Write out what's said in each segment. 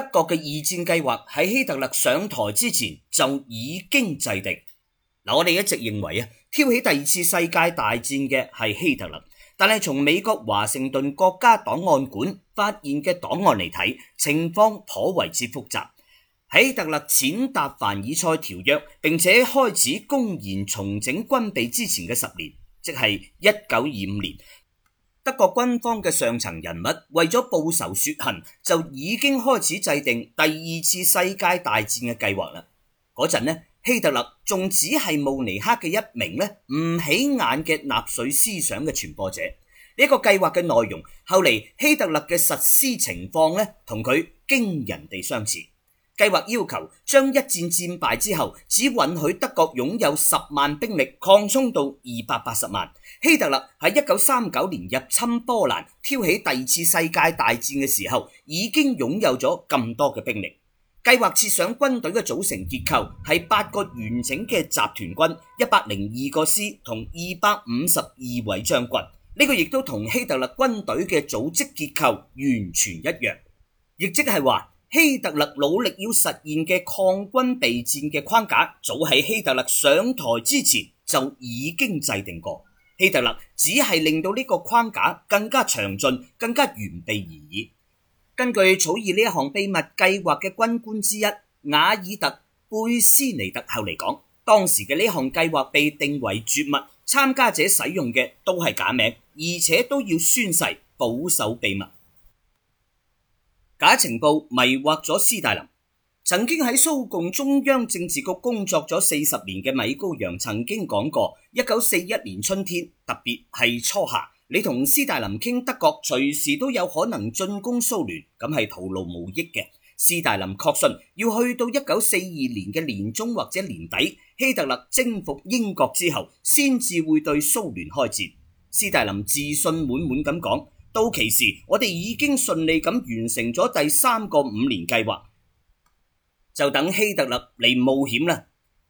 德國嘅二戰計劃喺希特勒上台之前就已經制定。嗱，我哋一直認為啊，挑起第二次世界大戰嘅係希特勒，但係從美國華盛頓國家檔案館發現嘅檔案嚟睇，情況頗為之複雜。希特勒踐踏凡爾賽條約，並且開始公然重整軍備之前嘅十年，即係一九二五年。一個軍方嘅上層人物為咗報仇雪恨，就已經開始制定第二次世界大戰嘅計劃啦。嗰陣呢，希特勒仲只係慕尼黑嘅一名咧唔起眼嘅納粹思想嘅傳播者。呢一個計劃嘅內容，後嚟希特勒嘅實施情況咧，同佢驚人地相似。計劃要求將一戰戰敗之後只允許德國擁有十萬兵力擴充到二百八十萬。希特勒喺一九三九年入侵波蘭挑起第二次世界大戰嘅時候，已經擁有咗咁多嘅兵力。計劃設想軍隊嘅組成結構係八個完整嘅集團軍，一百零二個師同二百五十二位將軍。呢個亦都同希特勒軍隊嘅組織結構完全一樣，亦即係話。希特勒努力要實現嘅抗軍備戰嘅框架，早喺希特勒上台之前就已經制定過。希特勒只係令到呢個框架更加詳盡、更加完備而已。根據草擬呢一項秘密計劃嘅軍官之一瓦爾特·貝斯尼特後嚟講，當時嘅呢項計劃被定為絕密，參加者使用嘅都係假名，而且都要宣誓保守秘密。假情報迷惑咗斯大林。曾經喺蘇共中央政治局工作咗四十年嘅米高揚曾經講過：一九四一年春天，特別係初夏，你同斯大林傾德國隨時都有可能進攻蘇聯，咁係徒勞無益嘅。斯大林確信要去到一九四二年嘅年中或者年底，希特勒征服英國之後，先至會對蘇聯開戰。斯大林自信滿滿咁講。到其時，我哋已經順利咁完成咗第三個五年計劃，就等希特勒嚟冒險啦。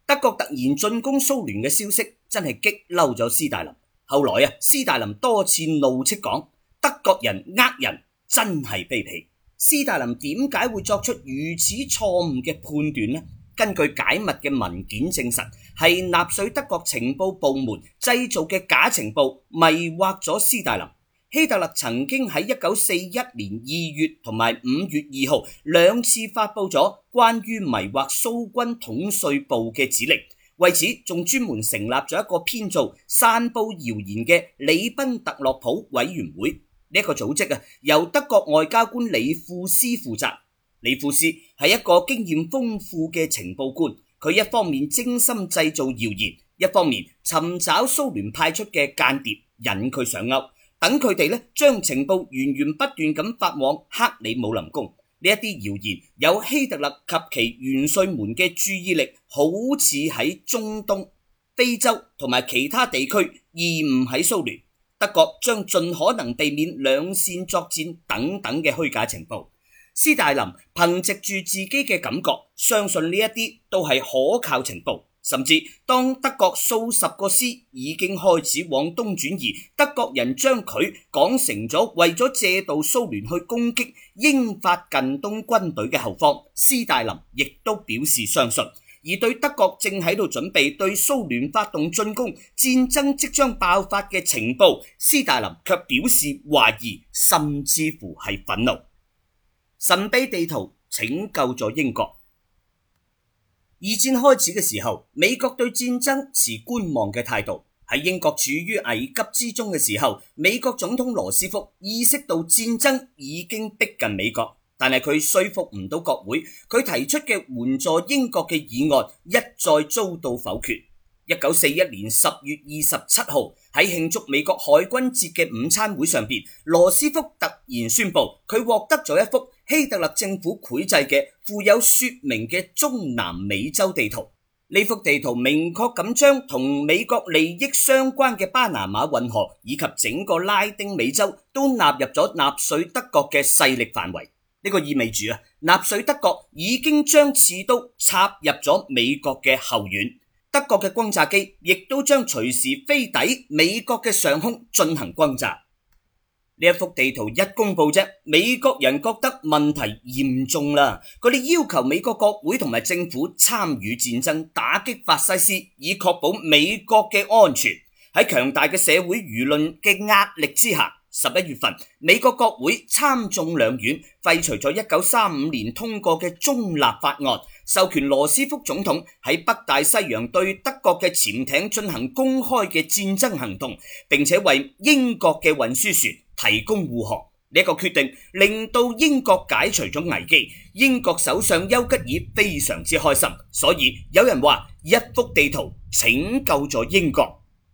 德國突然進攻蘇聯嘅消息，真係激嬲咗斯大林。後來啊，斯大林多次怒斥講：德國人呃人，真係卑鄙。斯大林點解會作出如此錯誤嘅判斷呢？根據解密嘅文件證實，係納粹德國情報部門製造嘅假情報，迷惑咗斯大林。希特勒曾經喺一九四一年二月同埋五月二號兩次發布咗關於迷惑蘇軍統帥部嘅指令，為此仲專門成立咗一個編造散布謠言嘅里賓特洛普委員會呢一、這個組織啊，由德國外交官李富斯負責。李富斯係一個經驗豐富嘅情報官，佢一方面精心製造謠言，一方面尋找蘇聯派出嘅間諜，引佢上鈎。等佢哋呢，將情報源源不斷咁發往克里姆林宮。呢一啲謠言，有希特勒及其元帥們嘅注意力好似喺中東、非洲同埋其他地區，而唔喺蘇聯。德國將盡可能避免兩線作戰等等嘅虛假情報。斯大林憑藉住自己嘅感覺，相信呢一啲都係可靠情報。甚至當德國數十個師已經開始往東轉移，德國人將佢講成咗為咗借道蘇聯去攻擊英法近東軍隊嘅後方，斯大林亦都表示相信。而對德國正喺度準備對蘇聯發動進攻，戰爭即將爆發嘅情報，斯大林卻表示懷疑，甚至乎係憤怒。神秘地圖拯救咗英國。二戰開始嘅時候，美國對戰爭持觀望嘅態度。喺英國處於危急之中嘅時候，美國總統羅斯福意識到戰爭已經逼近美國，但係佢說服唔到國會。佢提出嘅援助英國嘅議案一再遭到否決。一九四一年十月二十七號，喺慶祝美國海軍節嘅午餐會上邊，羅斯福突然宣布佢獲得咗一幅希特勒政府繪製嘅富有說明嘅中南美洲地圖，呢幅地圖明確咁將同美國利益相關嘅巴拿馬運河以及整個拉丁美洲都納入咗納粹德國嘅勢力範圍。呢個意味住啊，納粹德國已經將刺刀插入咗美國嘅後院，德國嘅轟炸機亦都將隨時飛抵美國嘅上空進行轟炸。呢一幅地圖一公布啫，美國人覺得問題嚴重啦。佢哋要求美國國會同埋政府參與戰爭，打擊法西斯，以確保美國嘅安全。喺強大嘅社會輿論嘅壓力之下，十一月份，美國國會參眾兩院廢除咗一九三五年通過嘅中立法案，授權羅斯福總統喺北大西洋對德國嘅潛艇進行公開嘅戰爭行動，並且為英國嘅運輸船。提供護航，呢個決定，令到英國解除咗危機，英國首相丘吉爾非常之開心，所以有人話一幅地圖拯救咗英國。